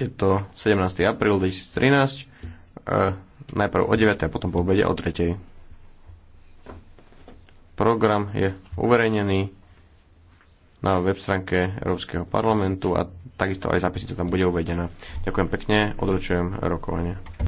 Je to 17. apríl 2013, e, najprv o 9. a potom po obede o 3. Program je uverejnený na web stránke Európskeho parlamentu a takisto aj zápisnica tam bude uvedená. Ďakujem pekne, odročujem rokovanie.